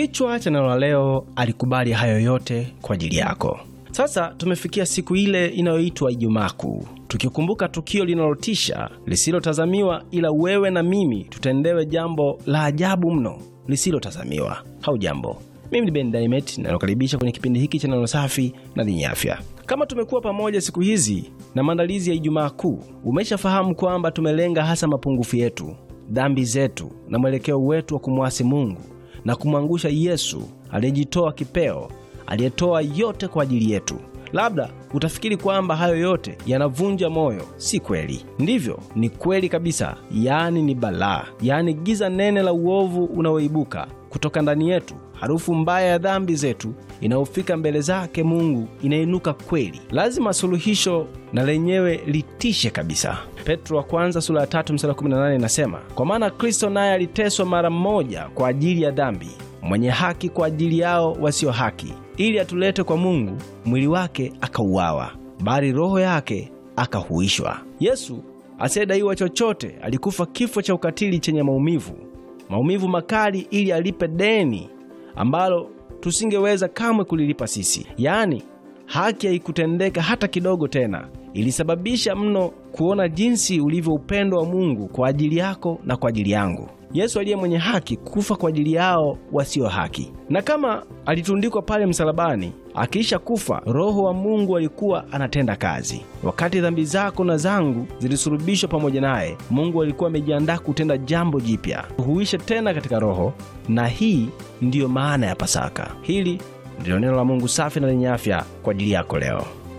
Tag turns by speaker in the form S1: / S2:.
S1: Kichwa cha neno la leo, alikubali hayo yote kwa ajili yako. Sasa tumefikia siku ile inayoitwa Ijumaa Kuu, tukikumbuka tukio linalotisha lisilotazamiwa, ila wewe na mimi tutendewe jambo la ajabu mno lisilotazamiwa. jambo mimi ni Ben Daimet kwenye kipindi hiki cha neno safi na lenye afya. Kama tumekuwa pamoja siku hizi na maandalizi ya Ijumaa Kuu, umeshafahamu kwamba tumelenga hasa mapungufu yetu, dhambi zetu na mwelekeo wetu wa kumwasi Mungu na kumwangusha Yesu aliyejitoa kipeo, aliyetoa yote kwa ajili yetu. Labda utafikiri kwamba hayo yote yanavunja moyo. Si kweli, ndivyo, ni kweli kabisa. Yaani ni balaa, yaani giza nene la uovu unaoibuka kutoka ndani yetu, harufu mbaya ya dhambi zetu inayofika mbele zake Mungu inainuka kweli. Lazima suluhisho na lenyewe litishe kabisa. Petro wa kwanza sura ya 3 mstari nane inasema, kwa maana Kristo naye aliteswa mara mmoja kwa ajili ya dhambi, mwenye haki kwa ajili yao wasio haki, ili atulete kwa Mungu. Mwili wake akauawa, bali roho yake akahuishwa. Yesu asiyedaiwa chochote alikufa kifo cha ukatili chenye maumivu, maumivu makali, ili alipe deni ambalo tusingeweza kamwe kulilipa sisi. Yaani haki haikutendeka hata kidogo tena, ilisababisha mno kuona jinsi ulivyo upendo wa Mungu kwa ajili yako na kwa ajili yangu. Yesu aliye mwenye haki kufa kwa ajili yao wasio haki. Na kama alitundikwa pale msalabani, akiisha kufa, Roho wa Mungu alikuwa anatenda kazi. Wakati dhambi zako na zangu zilisulubishwa pamoja naye, Mungu alikuwa amejiandaa kutenda jambo jipya, huisha tena katika Roho, na hii ndiyo maana ya Pasaka. Hili ndilo neno la Mungu safi na lenye afya kwa ajili yako leo.